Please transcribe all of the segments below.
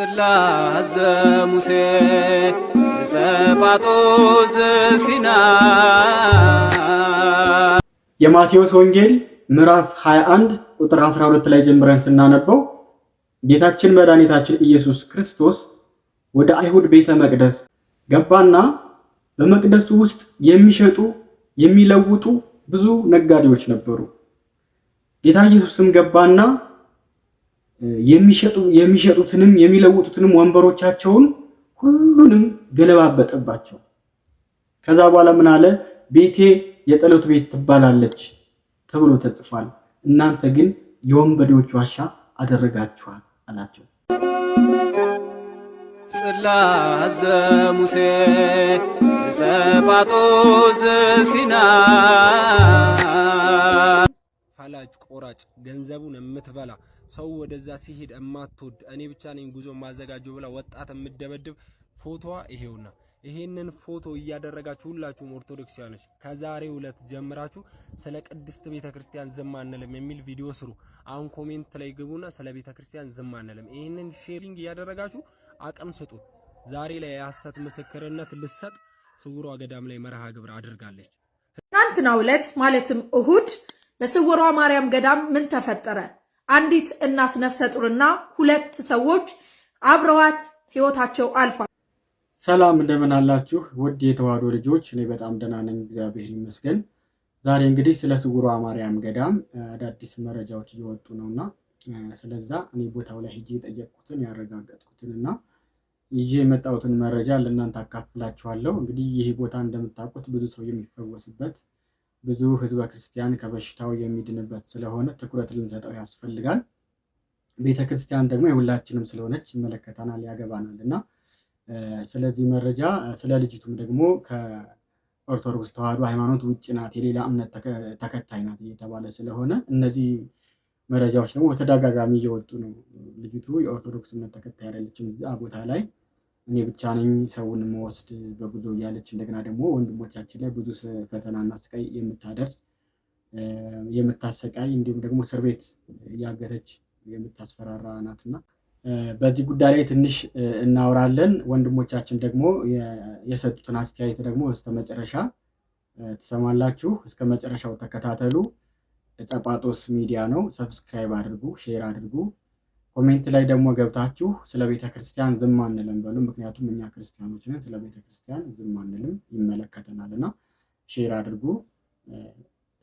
ጽላተ ሙሴ ጸባኦት ዘሲና የማቴዎስ ወንጌል ምዕራፍ 21 ቁጥር 12 ላይ ጀምረን ስናነበው ጌታችን መድኃኒታችን ኢየሱስ ክርስቶስ ወደ አይሁድ ቤተ መቅደስ ገባና በመቅደሱ ውስጥ የሚሸጡ የሚለውጡ ብዙ ነጋዴዎች ነበሩ። ጌታ ኢየሱስም ገባና የሚሸጡትንም የሚለውጡትንም ወንበሮቻቸውን ሁሉንም ገለባበጠባቸው። ከዛ በኋላ ምን አለ? ቤቴ የጸሎት ቤት ትባላለች ተብሎ ተጽፏል፣ እናንተ ግን የወንበዴዎች ዋሻ አደረጋችኋል አላቸው። ጽላዘ ሙሴ ጸባጦዝ ሲና ፈላጭ ቆራጭ ገንዘቡን የምትበላ ሰው ወደዛ ሲሄድ እማትወድ እኔ ብቻ ነኝ ጉዞ ማዘጋጀው ብላ ወጣት የምደበድብ ፎቶዋ ይሄውና። ይሄንን ፎቶ እያደረጋችሁ ሁላችሁም ኦርቶዶክሳውያኖች ከዛሬ ዕለት ጀምራችሁ ስለ ቅድስት ቤተክርስቲያን ዝም አንልም የሚል ቪዲዮ ስሩ። አሁን ኮሜንት ላይ ግቡና ስለ ቤተክርስቲያን ዝም አንልም፣ ይሄንን ሼሪንግ እያደረጋችሁ አቅም ስጡ። ዛሬ ላይ የሐሰት ምስክርነት ልሰጥ ስውሯ ገዳም ላይ መርሃ ግብር አድርጋለች። ትናንትና ዕለት ማለትም እሁድ በስውሯ ማርያም ገዳም ምን ተፈጠረ? አንዲት እናት ነፍሰ ጡርና ሁለት ሰዎች አብረዋት ህይወታቸው አልፏል። ሰላም እንደምን አላችሁ ውድ የተዋህዶ ልጆች፣ እኔ በጣም ደህና ነኝ እግዚአብሔር ይመስገን። ዛሬ እንግዲህ ስለ ስውሯ ማርያም ገዳም አዳዲስ መረጃዎች እየወጡ ነውና ስለዛ እኔ ቦታው ላይ ሄጄ የጠየቅኩትን ያረጋገጥኩትን እና ይዤ የመጣሁትን መረጃ ለእናንተ አካፍላችኋለሁ። እንግዲህ ይህ ቦታ እንደምታውቁት ብዙ ሰው የሚፈወስበት ብዙ ህዝበ ክርስቲያን ከበሽታው የሚድንበት ስለሆነ ትኩረት ልንሰጠው ያስፈልጋል። ቤተ ክርስቲያን ደግሞ የሁላችንም ስለሆነች ይመለከተናል፣ ያገባናል እና ስለዚህ መረጃ ስለ ልጅቱም ደግሞ ከኦርቶዶክስ ተዋሕዶ ሃይማኖት ውጭ ናት፣ የሌላ እምነት ተከታይ ናት እየተባለ ስለሆነ እነዚህ መረጃዎች ደግሞ በተደጋጋሚ እየወጡ ነው። ልጅቱ የኦርቶዶክስ እምነት ተከታይ አይደለችም እዛ ቦታ ላይ እኔ ብቻ ነኝ ሰውን መወስድ በጉዞ እያለች እንደገና ደግሞ ወንድሞቻችን ላይ ብዙ ፈተናና ስቃይ የምታደርስ የምታሰቃይ እንዲሁም ደግሞ እስር ቤት እያገተች የምታስፈራራ ናት በዚህ ጉዳይ ላይ ትንሽ እናወራለን። ወንድሞቻችን ደግሞ የሰጡትን አስተያየት ደግሞ በስተመጨረሻ ትሰማላችሁ። እስከ መጨረሻው ተከታተሉ። ጸጳጦስ ሚዲያ ነው። ሰብስክራይብ አድርጉ፣ ሼር አድርጉ። ኮሜንት ላይ ደግሞ ገብታችሁ ስለ ቤተ ክርስቲያን ዝም አንልም በሉ። ምክንያቱም እኛ ክርስቲያኖች ነን፣ ስለ ቤተ ክርስቲያን ዝም አንልም፣ ይመለከተናል እና ሼር አድርጉ።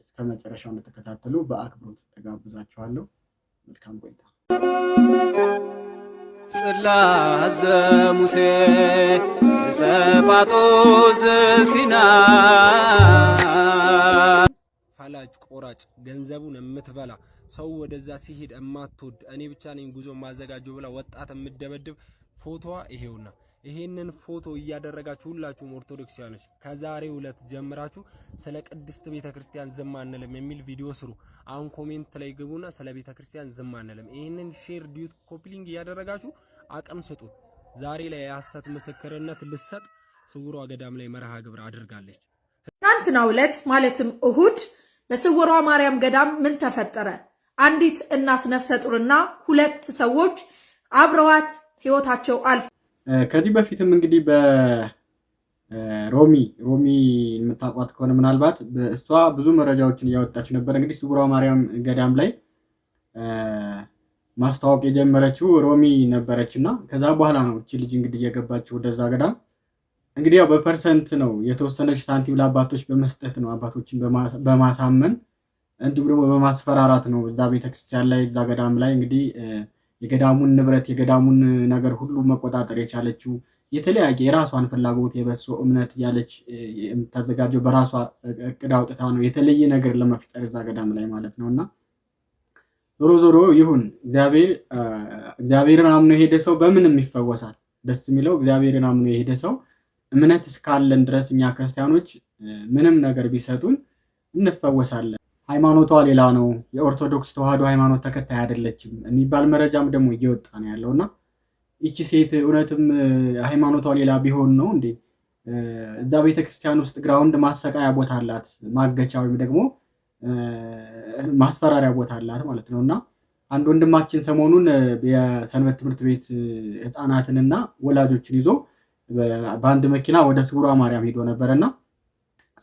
እስከ መጨረሻው እንድትከታተሉ በአክብሮት እጋብዛችኋለሁ። መልካም ቆይታ። ጽላዘ ሙሴ ጸባቶ ዘሲና ፈላጭ ቆራጭ ገንዘቡን የምትበላ ሰው ወደዛ ሲሄድ እማትወድ እኔ ብቻ ነኝ ጉዞ ማዘጋጀው ብላ ወጣት የምደበድብ ፎቶዋ ይሄውና። ይሄንን ፎቶ እያደረጋችሁ ሁላችሁም ኦርቶዶክሳውያኖች ከዛሬ ዕለት ጀምራችሁ ስለ ቅድስት ቤተክርስቲያን ዝም አንልም የሚል ቪዲዮ ስሩ። አሁን ኮሜንት ላይ ግቡና ስለ ክርስቲያን ዝም አንልም፣ ይሄንን ሼር ዲዩት ኮፕሊንግ እያደረጋችሁ አቅም ስጡት። ዛሬ ላይ የሐሰት ምስክርነት ልሰጥ ስውሯ ገዳም ላይ መርሃ ግብር አድርጋለች። ትናንትናው ዕለት ማለትም እሁድ በስውሯ ማርያም ገዳም ምን ተፈጠረ? አንዲት እናት ነፍሰ ጡርና ሁለት ሰዎች አብረዋት ህይወታቸው አልፍ ከዚህ በፊትም እንግዲህ በሮሚ ሮሚ የምታውቋት ከሆነ ምናልባት እሷ ብዙ መረጃዎችን እያወጣች ነበር። እንግዲህ ስጉራ ማርያም ገዳም ላይ ማስታወቅ የጀመረችው ሮሚ ነበረች እና ከዛ በኋላ ነው እቺ ልጅ እንግዲህ እየገባችው ወደዛ ገዳም እንግዲህ ያው በፐርሰንት ነው የተወሰነች ሳንቲም ለአባቶች በመስጠት ነው አባቶችን በማሳመን እንዲሁም ደግሞ በማስፈራራት ነው እዛ ቤተክርስቲያን ላይ እዛ ገዳም ላይ እንግዲህ የገዳሙን ንብረት የገዳሙን ነገር ሁሉ መቆጣጠር የቻለችው የተለያየ የራሷን ፍላጎት የበሶ እምነት እያለች የምታዘጋጀው በራሷ እቅድ አውጥታ ነው የተለየ ነገር ለመፍጠር እዛ ገዳም ላይ ማለት ነው። እና ዞሮ ዞሮ ይሁን እግዚአብሔርን አምኖ የሄደ ሰው በምንም ይፈወሳል። ደስ የሚለው እግዚአብሔርን አምኖ የሄደ ሰው እምነት እስካለን ድረስ እኛ ክርስቲያኖች ምንም ነገር ቢሰጡን እንፈወሳለን። ሃይማኖቷ ሌላ ነው፣ የኦርቶዶክስ ተዋህዶ ሃይማኖት ተከታይ አይደለችም የሚባል መረጃም ደግሞ እየወጣ ነው ያለው እና ይቺ ሴት እውነትም ሃይማኖቷ ሌላ ቢሆን ነው እንዴ እዛ ቤተክርስቲያን ውስጥ ግራውንድ ማሰቃያ ቦታ አላት፣ ማገቻ ወይም ደግሞ ማስፈራሪያ ቦታ አላት ማለት ነው እና አንድ ወንድማችን ሰሞኑን የሰንበት ትምህርት ቤት ህፃናትንና ወላጆችን ይዞ በአንድ መኪና ወደ ስጉሯ ማርያም ሄዶ ነበረ እና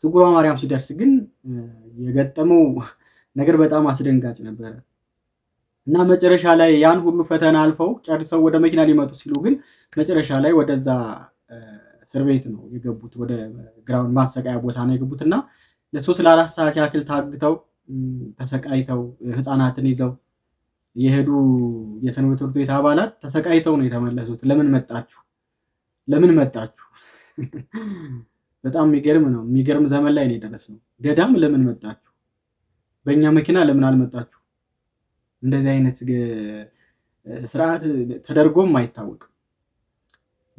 ስጉሯ ማርያም ሲደርስ ግን የገጠመው ነገር በጣም አስደንጋጭ ነበረ እና መጨረሻ ላይ ያን ሁሉ ፈተና አልፈው ጨርሰው ወደ መኪና ሊመጡ ሲሉ ግን መጨረሻ ላይ ወደዛ እስር ቤት ነው የገቡት። ወደ ግራውንድ ማሰቃያ ቦታ ነው የገቡት እና ለሶስት ለአራት ሰዓት ያክል ታግተው ተሰቃይተው ህፃናትን ይዘው የሄዱ የሰንበት ትምህርት ቤት አባላት ተሰቃይተው ነው የተመለሱት። ለምን መጣችሁ? ለምን መጣችሁ? በጣም የሚገርም ነው። የሚገርም ዘመን ላይ ነው የደረስነው። ገዳም ለምን መጣችሁ? በእኛ መኪና ለምን አልመጣችሁ? እንደዚህ አይነት ስርዓት ተደርጎም አይታወቅም።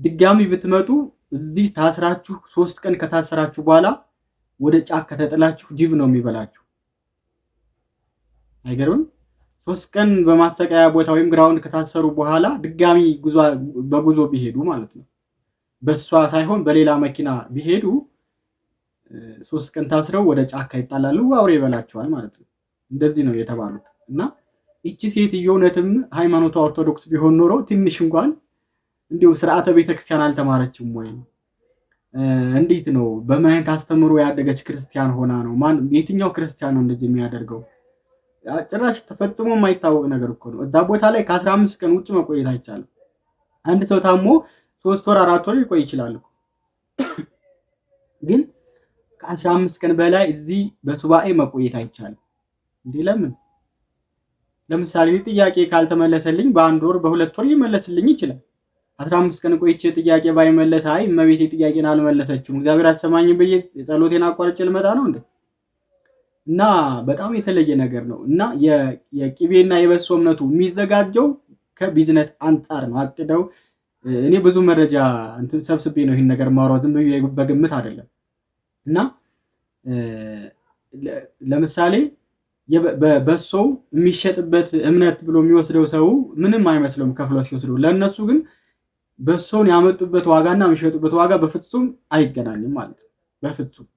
ድጋሚ ብትመጡ እዚህ ታስራችሁ ሶስት ቀን ከታሰራችሁ በኋላ ወደ ጫካ ከተጥላችሁ ጅብ ነው የሚበላችሁ። አይገርምም? ሶስት ቀን በማሰቃያ ቦታ ወይም ግራውንድ ከታሰሩ በኋላ ድጋሚ በጉዞ ቢሄዱ ማለት ነው በእሷ ሳይሆን በሌላ መኪና ቢሄዱ ሶስት ቀን ታስረው ወደ ጫካ ይጣላሉ፣ አውሬ ይበላቸዋል ማለት ነው። እንደዚህ ነው የተባሉት። እና ይቺ ሴትዮ እውነትም ሃይማኖቷ ኦርቶዶክስ ቢሆን ኖሮ ትንሽ እንኳን እንዲሁ ስርዓተ ቤተክርስቲያን አልተማረችም ወይም እንዴት ነው በምን አይነት አስተምሮ ያደገች ክርስቲያን ሆና ነው? ማን የትኛው ክርስቲያን ነው እንደዚህ የሚያደርገው? ጭራሽ ተፈጽሞ የማይታወቅ ነገር እኮ ነው። እዛ ቦታ ላይ ከአስራ አምስት ቀን ውጭ መቆየት አይቻልም። አንድ ሰው ታሞ ሶስት ወር አራት ወር ሊቆይ ይችላል። ግን ከአስራ አምስት ቀን በላይ እዚህ በሱባኤ መቆየት አይቻልም። እንዴ ለምን? ለምሳሌ ጥያቄ ካልተመለሰልኝ በአንድ ወር በሁለት ወር ሊመለስልኝ ይችላል። አስራ አምስት ቀን ቆይቼ ጥያቄ ባይመለስ አይ እመቤቴ ጥያቄን አልመለሰችም እግዚአብሔር አልሰማኝም ብዬ የጸሎቴን አቋርጬ ልመጣ ነው እንዴ? እና በጣም የተለየ ነገር ነው። እና የቅቤና የበሶ እምነቱ የሚዘጋጀው ከቢዝነስ አንጻር ነው አቅደው እኔ ብዙ መረጃ እንትን ሰብስቤ ነው ይህን ነገር ማውራት፣ ዝም በግምት አይደለም። እና ለምሳሌ በሶው የሚሸጥበት እምነት ብሎ የሚወስደው ሰው ምንም አይመስለውም ከፍሎ ሲወስደው፣ ለእነሱ ግን በሶውን ያመጡበት ዋጋና የሚሸጡበት ዋጋ በፍጹም አይገናኝም ማለት ነው። በፍጹም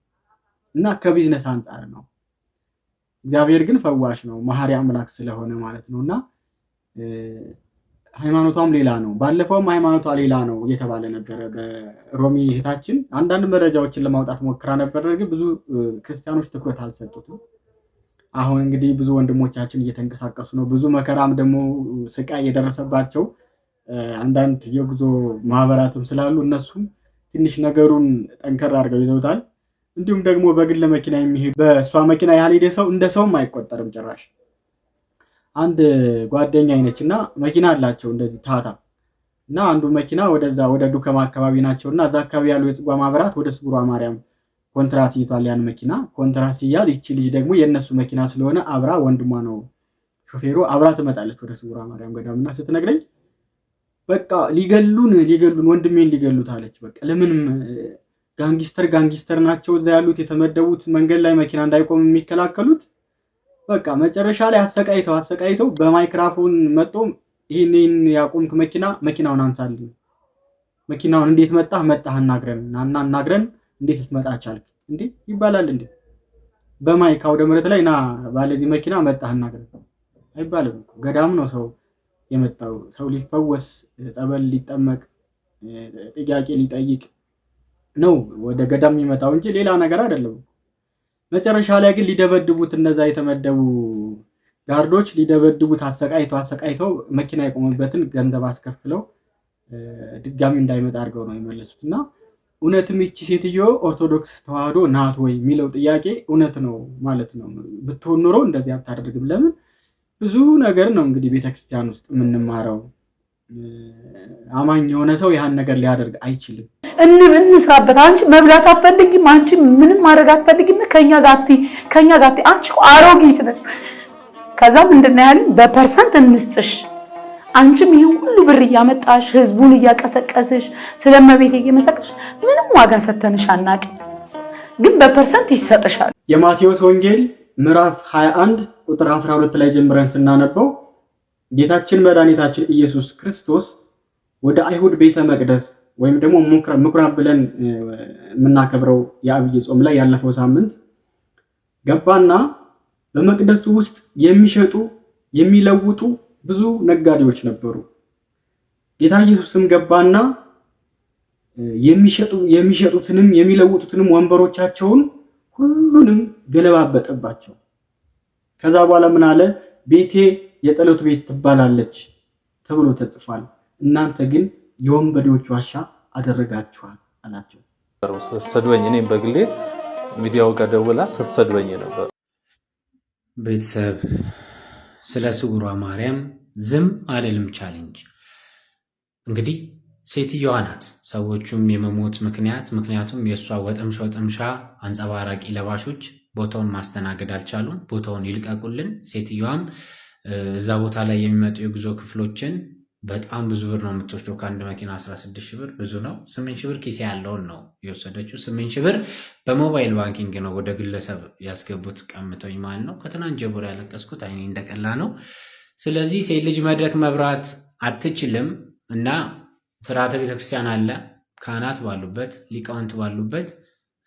እና ከቢዝነስ አንጻር ነው። እግዚአብሔር ግን ፈዋሽ ነው፣ መሐሪ አምላክ ስለሆነ ማለት ነው እና ሃይማኖቷም ሌላ ነው። ባለፈውም ሃይማኖቷ ሌላ ነው እየተባለ ነበረ። በሮሚ እህታችን አንዳንድ መረጃዎችን ለማውጣት ሞክራ ነበር፣ ግን ብዙ ክርስቲያኖች ትኩረት አልሰጡትም። አሁን እንግዲህ ብዙ ወንድሞቻችን እየተንቀሳቀሱ ነው። ብዙ መከራም ደግሞ ስቃይ የደረሰባቸው አንዳንድ የጉዞ ማህበራትም ስላሉ እነሱም ትንሽ ነገሩን ጠንከር አድርገው ይዘውታል። እንዲሁም ደግሞ በግል መኪና የሚሄዱ በእሷ መኪና ሄደ ሰው እንደ ሰውም አይቆጠርም ጭራሽ አንድ ጓደኛ አይነች እና መኪና አላቸው እንደዚህ ታታ እና አንዱ መኪና ወደዛ ወደ ዱከማ አካባቢ ናቸው እና እዛ አካባቢ ያሉ የጽጓ ማህበራት ወደ ስጉሯ ማርያም ኮንትራት ይዟል። ያን መኪና ኮንትራት ሲያዝ ይቺ ልጅ ደግሞ የእነሱ መኪና ስለሆነ አብራ ወንድሟ ነው ሾፌሩ አብራ ትመጣለች ወደ ስጉሯ ማርያም ገዳም እና ስትነግረኝ በቃ ሊገሉን ሊገሉን ወንድሜን ሊገሉት አለች። በቃ ለምንም ጋንጊስተር ጋንጊስተር ናቸው እዛ ያሉት የተመደቡት መንገድ ላይ መኪና እንዳይቆም የሚከላከሉት በቃ መጨረሻ ላይ አሰቃይተው አሰቃይተው በማይክራፎን መጦ ይህንን ያቁምክ ያቆምክ መኪና መኪናውን አንሳልኝ፣ መኪናውን እንዴት መጣህ መጣህ አናግረን እና እናግረን እንዴት ልትመጣ ቻልክ እንዴ ይባላል እንዴ? በማይክ አውደ ምሕረት ላይ ና ባለዚህ መኪና መጣህ አናግረን አይባልም ገዳም ነው ሰው የመጣው ሰው ሊፈወስ ጸበል ሊጠመቅ ጥያቄ ሊጠይቅ ነው ወደ ገዳም የሚመጣው እንጂ ሌላ ነገር አይደለም። መጨረሻ ላይ ግን ሊደበድቡት እነዛ የተመደቡ ጋርዶች ሊደበድቡት አሰቃይተው አሰቃይተው መኪና የቆመበትን ገንዘብ አስከፍለው ድጋሚ እንዳይመጣ አድርገው ነው የመለሱት። እና እውነትም ይቺ ሴትዮ ኦርቶዶክስ ተዋህዶ ናት ወይ የሚለው ጥያቄ እውነት ነው ማለት ነው። ብትሆን ኑሮ እንደዚህ አታደርግም። ለምን ብዙ ነገር ነው እንግዲህ ቤተክርስቲያን ውስጥ የምንማረው አማኝ የሆነ ሰው ያህን ነገር ሊያደርግ አይችልም። እንም እንስራበት። አንቺ መብላት አትፈልጊም፣ አንቺ ምንም ማድረግ አትፈልጊም። ከኛ ጋቲ ከኛ ጋቲ አንቺ አሮጊት ነች። ከዛ ምንድን ነው በፐርሰንት እንስጥሽ። አንቺም ይህ ሁሉ ብር እያመጣሽ ህዝቡን እያቀሰቀስሽ ስለመቤት እየመሰቀሽ ምንም ዋጋ ሰተንሽ አናቅ ግን በፐርሰንት ይሰጥሻል። የማቴዎስ ወንጌል ምዕራፍ 21 ቁጥር 12 ላይ ጀምረን ስናነበው ጌታችን መድኃኒታችን ኢየሱስ ክርስቶስ ወደ አይሁድ ቤተ መቅደስ ወይም ደግሞ ምኩራብ ብለን የምናከብረው የአብይ ጾም ላይ ያለፈው ሳምንት ገባና በመቅደሱ ውስጥ የሚሸጡ የሚለውጡ ብዙ ነጋዴዎች ነበሩ። ጌታ ኢየሱስም ገባና የሚሸጡ የሚሸጡትንም የሚለውጡትንም ወንበሮቻቸውን ሁሉንም ገለባበጠባቸው። ከዛ በኋላ ምን አለ? ቤቴ የጸሎት ቤት ትባላለች ተብሎ ተጽፏል። እናንተ ግን የወንበዴዎች ዋሻ አደረጋችኋል አላቸው። ሰድበኝ፣ እኔም በግሌ ሚዲያው ጋር ደውላ ነበር። ቤተሰብ ስለ ስውሯ ማርያም ዝም አልልም ቻሌንጅ እንግዲህ ሴትየዋ ናት። ሰዎቹም የመሞት ምክንያት ምክንያቱም የእሷ ወጠምሻ ወጠምሻ አንጸባራቂ ለባሾች ቦታውን ማስተናገድ አልቻሉም። ቦታውን ይልቀቁልን። ሴትየዋም እዛ ቦታ ላይ የሚመጡ የጉዞ ክፍሎችን በጣም ብዙ ብር ነው የምትወስደው። ከአንድ መኪና 16 ሺህ ብር ብዙ ነው። ስምንት ሺህ ብር ኪሴ ያለውን ነው የወሰደችው። ስምንት ሺህ ብር በሞባይል ባንኪንግ ነው ወደ ግለሰብ ያስገቡት ቀምተኝ ማለት ነው። ከትናንት ጀምሮ ያለቀስኩት አይኔ እንደቀላ ነው። ስለዚህ ሴት ልጅ መድረክ መብራት አትችልም እና ስርዓተ ቤተክርስቲያን አለ። ካህናት ባሉበት፣ ሊቃውንት ባሉበት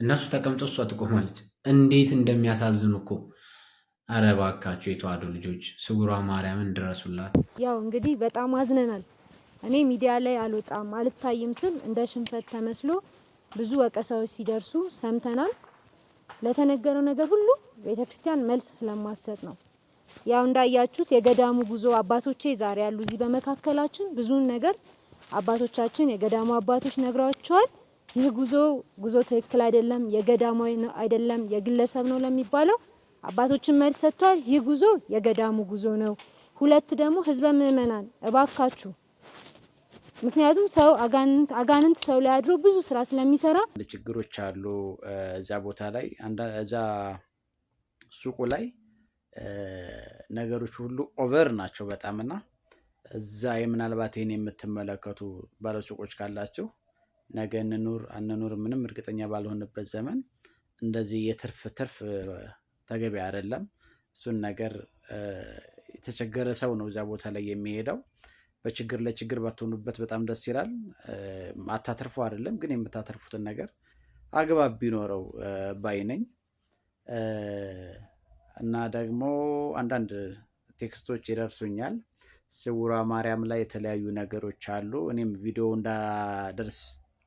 እነሱ ተቀምጠው እሷ ትቆማለች። እንዴት እንደሚያሳዝኑ እኮ አረ እባካችሁ ልጆች ስውሯ ማርያምን እንድረሱላት። ያው እንግዲህ በጣም አዝነናል። እኔ ሚዲያ ላይ አልወጣም አልታይም ስል እንደ ሽንፈት ተመስሎ ብዙ ወቀሳዎች ሲደርሱ ሰምተናል። ለተነገረው ነገር ሁሉ ቤተክርስቲያን መልስ ስለማሰጥ ነው። ያው እንዳያችሁት የገዳሙ ጉዞ አባቶቼ ዛሬ ያሉ እዚህ በመካከላችን ብዙን ነገር አባቶቻችን የገዳሙ አባቶች ነግረዋቸዋል። ይህ ጉዞ ጉዞ ትክክል አይደለም፣ የገዳማዊ አይደለም፣ የግለሰብ ነው ለሚባለው አባቶችን መልስ ሰጥቷል። ይህ ጉዞ የገዳሙ ጉዞ ነው። ሁለት ደግሞ ህዝበ ምእመናን እባካችሁ፣ ምክንያቱም ሰው አጋንንት ሰው ላይ አድሮ ብዙ ስራ ስለሚሰራ ችግሮች አሉ። እዛ ቦታ ላይ እዛ ሱቁ ላይ ነገሮች ሁሉ ኦቨር ናቸው በጣም እና እዛ ምናልባት ይህን የምትመለከቱ ባለሱቆች ካላችሁ ነገ እንኑር አንኑር ምንም እርግጠኛ ባልሆንበት ዘመን እንደዚህ የትርፍ ትርፍ ተገቢ አይደለም። እሱን ነገር የተቸገረ ሰው ነው እዚያ ቦታ ላይ የሚሄደው። በችግር ለችግር ባትሆኑበት በጣም ደስ ይላል። አታተርፎ አይደለም ግን የምታተርፉትን ነገር አግባብ ቢኖረው ባይ ነኝ። እና ደግሞ አንዳንድ ቴክስቶች ይደርሱኛል። ስውሯ ማርያም ላይ የተለያዩ ነገሮች አሉ። እኔም ቪዲዮ እንዳደርስ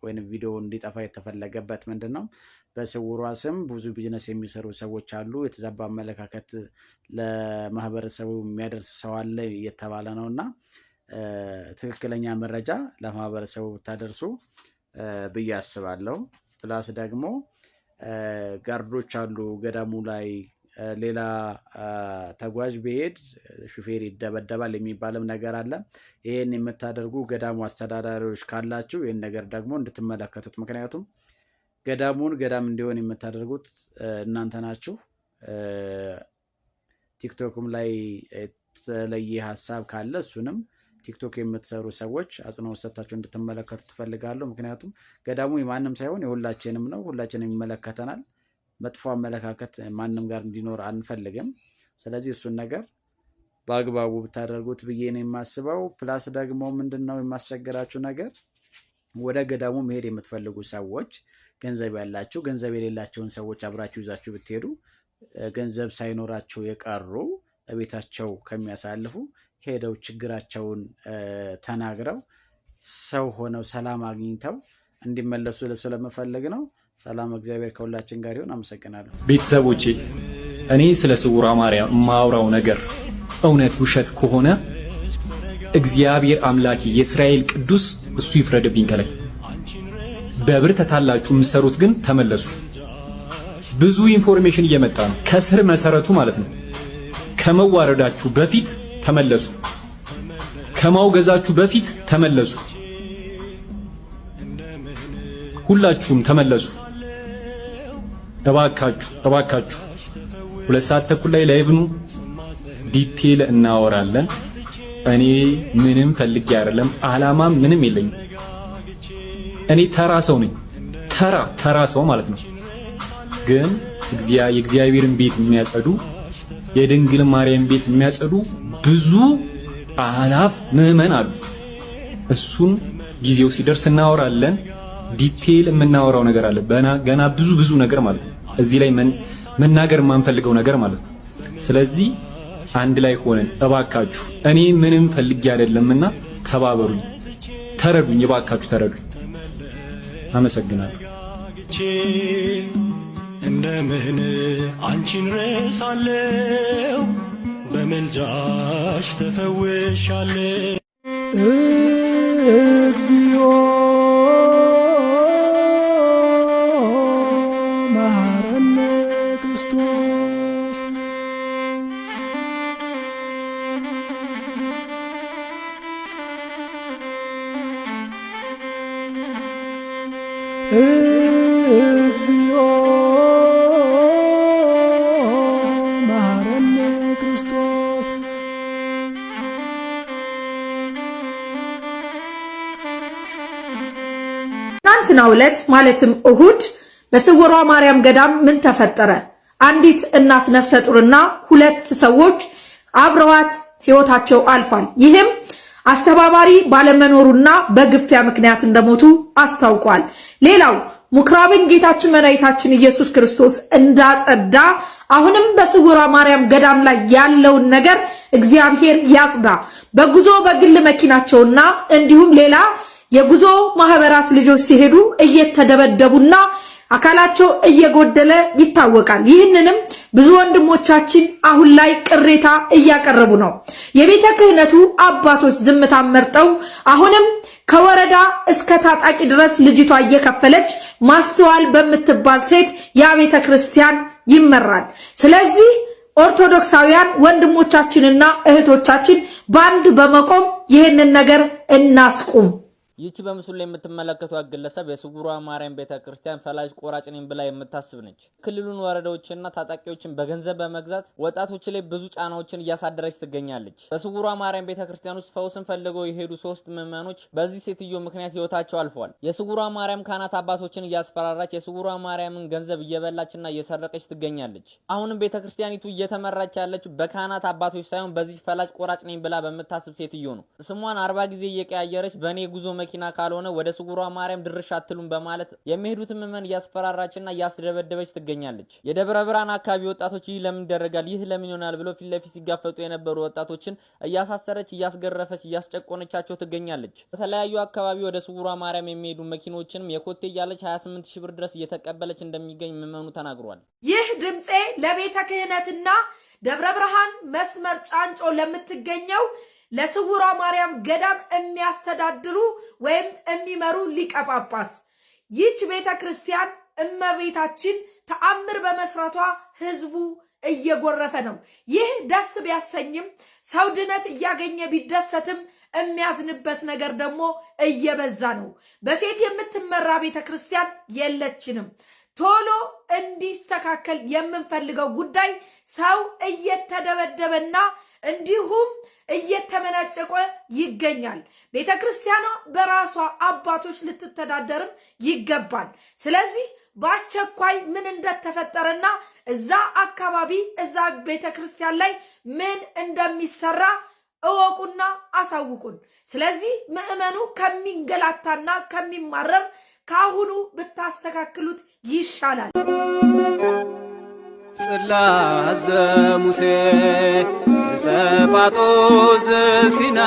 ወይም ቪዲዮ እንዲጠፋ የተፈለገበት ምንድን ነው በስውሯ ስም ብዙ ቢዝነስ የሚሰሩ ሰዎች አሉ። የተዛባ አመለካከት ለማህበረሰቡ የሚያደርስ ሰው አለ እየተባለ ነው እና ትክክለኛ መረጃ ለማህበረሰቡ ብታደርሱ ብዬ አስባለሁ። ፕላስ ደግሞ ጋርዶች አሉ ገዳሙ ላይ ሌላ ተጓዥ ቢሄድ ሹፌር ይደበደባል የሚባልም ነገር አለ። ይህን የምታደርጉ ገዳሙ አስተዳዳሪዎች ካላችሁ ይህን ነገር ደግሞ እንድትመለከቱት ምክንያቱም ገዳሙን ገዳም እንዲሆን የምታደርጉት እናንተ ናችሁ። ቲክቶክም ላይ የተለየ ሀሳብ ካለ እሱንም ቲክቶክ የምትሰሩ ሰዎች አጽንኦት ሰጥታችሁ እንድትመለከቱ ትፈልጋለሁ። ምክንያቱም ገዳሙ የማንም ሳይሆን የሁላችንም ነው፣ ሁላችንም ይመለከተናል። መጥፎ አመለካከት ማንም ጋር እንዲኖር አንፈልግም። ስለዚህ እሱን ነገር በአግባቡ ብታደርጉት ብዬ ነው የማስበው። ፕላስ ደግሞ ምንድን ነው የማስቸግራችሁ ነገር ወደ ገዳሙ መሄድ የምትፈልጉ ሰዎች ገንዘብ ያላችሁ፣ ገንዘብ የሌላቸውን ሰዎች አብራችሁ ይዛችሁ ብትሄዱ ገንዘብ ሳይኖራቸው የቀሩ በቤታቸው ከሚያሳልፉ ሄደው ችግራቸውን ተናግረው ሰው ሆነው ሰላም አግኝተው እንዲመለሱ ስለመፈለግ ነው። ሰላም እግዚአብሔር ከሁላችን ጋር ይሁን። አመሰግናለሁ። ቤተሰቦቼ እኔ ስለ ስውሯ ማርያም ማውራው ነገር እውነት ውሸት ከሆነ እግዚአብሔር አምላኬ የእስራኤል ቅዱስ እሱ ይፍረድብኝ ከላይ። በብር ተታላችሁ የምትሰሩት ግን ተመለሱ። ብዙ ኢንፎርሜሽን እየመጣ ነው፣ ከስር መሰረቱ ማለት ነው። ከመዋረዳችሁ በፊት ተመለሱ። ከማውገዛችሁ በፊት ተመለሱ። ሁላችሁም ተመለሱ። እባካችሁ እባካችሁ፣ ሁለት ሰዓት ተኩል ላይ ላይብኑ ዲቴል እናወራለን። እኔ ምንም ፈልጌ አይደለም። አላማ ምንም የለኝም። እኔ ተራ ሰው ነኝ። ተራ ተራ ሰው ማለት ነው። ግን የእግዚአብሔርን ቤት የሚያጸዱ የድንግል ማርያም ቤት የሚያጸዱ ብዙ አላፍ ምዕመን አሉ። እሱን ጊዜው ሲደርስ እናወራለን። ዲቴይል የምናወራው ነገር አለ። ገና ብዙ ብዙ ነገር ማለት ነው። እዚህ ላይ መናገር የማንፈልገው ነገር ማለት ነው። ስለዚህ አንድ ላይ ሆነን እባካችሁ እኔ ምንም ፈልጌ አይደለምና ተባበሩኝ፣ ተረዱኝ፣ እባካችሁ ተረዱኝ። አመሰግናለሁ። እንደምን አንቺን ረሳለሁ፣ በመልጃሽ ተፈወሻለሁ እግዚኦ ዕለት ማለትም እሁድ በስውሯ ማርያም ገዳም ምን ተፈጠረ? አንዲት እናት ነፍሰ ጡርና ሁለት ሰዎች አብረዋት ህይወታቸው አልፏል። ይህም አስተባባሪ ባለመኖሩና በግፊያ ምክንያት እንደሞቱ አስታውቋል። ሌላው ምኩራብን ጌታችን መድኃኒታችን ኢየሱስ ክርስቶስ እንዳጸዳ አሁንም በስውሯ ማርያም ገዳም ላይ ያለውን ነገር እግዚአብሔር ያጽዳ። በጉዞ በግል መኪናቸውና እንዲሁም ሌላ የጉዞ ማህበራት ልጆች ሲሄዱ እየተደበደቡና አካላቸው እየጎደለ ይታወቃል። ይህንንም ብዙ ወንድሞቻችን አሁን ላይ ቅሬታ እያቀረቡ ነው። የቤተ ክህነቱ አባቶች ዝምታን መርጠው አሁንም ከወረዳ እስከ ታጣቂ ድረስ ልጅቷ እየከፈለች ማስተዋል በምትባል ሴት ያ ቤተ ክርስቲያን ይመራል። ስለዚህ ኦርቶዶክሳውያን ወንድሞቻችንና እህቶቻችን በአንድ በመቆም ይህንን ነገር እናስቁም። ይቺ በምስሉ ላይ የምትመለከቷት ግለሰብ የስጉሯ ማርያም ቤተ ክርስቲያን ፈላጅ ቆራጭ ነኝ ብላ የምታስብ ነች። ክልሉን ወረዳዎችና ታጣቂዎችን በገንዘብ በመግዛት ወጣቶች ላይ ብዙ ጫናዎችን እያሳደረች ትገኛለች። በስጉሯ ማርያም ቤተ ክርስቲያን ውስጥ ፈውስን ፈልገው የሄዱ ሶስት ምዕመኖች በዚህ ሴትዮ ምክንያት ህይወታቸው አልፏል። የስጉሯ ማርያም ካህናት አባቶችን እያስፈራራች የስጉሯ ማርያምን ገንዘብ እየበላችና እየሰረቀች ትገኛለች። አሁንም ቤተ ክርስቲያኒቱ እየተመራች ያለች በካህናት አባቶች ሳይሆን በዚህ ፈላጅ ቆራጭ ነኝ ብላ በምታስብ ሴትዮ ነው። ስሟን አርባ ጊዜ እየቀያየረች በእኔ ጉዞ መኪና ካልሆነ ወደ ስጉሯ ማርያም ድርሽ አትሉም በማለት የሚሄዱትን ምዕመን እያስፈራራችና እያስደበደበች ትገኛለች። የደብረ ብርሃን አካባቢ ወጣቶች ይህ ለምን ይደረጋል፣ ይህ ለምን ይሆናል ብለው ፊት ለፊት ሲጋፈጡ የነበሩ ወጣቶችን እያሳሰረች፣ እያስገረፈች፣ እያስጨቆነቻቸው ትገኛለች። በተለያዩ አካባቢ ወደ ስጉሯ ማርያም የሚሄዱ መኪኖችንም የኮቴ እያለች 28 ብር ድረስ እየተቀበለች እንደሚገኝ ምዕመኑ ተናግሯል። ይህ ድምፄ ለቤተ ክህነትና ደብረ ብርሃን መስመር ጫንጮ ለምትገኘው ለስውሯ ማርያም ገዳም የሚያስተዳድሩ ወይም የሚመሩ ሊቀ ጳጳስ። ይህች ቤተ ክርስቲያን እመቤታችን ተአምር በመስራቷ ህዝቡ እየጎረፈ ነው። ይህ ደስ ቢያሰኝም ሰው ድነት እያገኘ ቢደሰትም የሚያዝንበት ነገር ደግሞ እየበዛ ነው። በሴት የምትመራ ቤተ ክርስቲያን የለችንም። ቶሎ እንዲስተካከል የምንፈልገው ጉዳይ ሰው እየተደበደበና እንዲሁም እየተመናጨቆ ይገኛል። ቤተ ክርስቲያኗ በራሷ አባቶች ልትተዳደርም ይገባል። ስለዚህ በአስቸኳይ ምን እንደተፈጠረና እዛ አካባቢ እዛ ቤተ ክርስቲያን ላይ ምን እንደሚሰራ እወቁና አሳውቁን። ስለዚህ ምዕመኑ ከሚንገላታና ከሚማረር ከአሁኑ ብታስተካክሉት ይሻላል። ጽላዘ ሙሴ ዘባጦ ዘሲና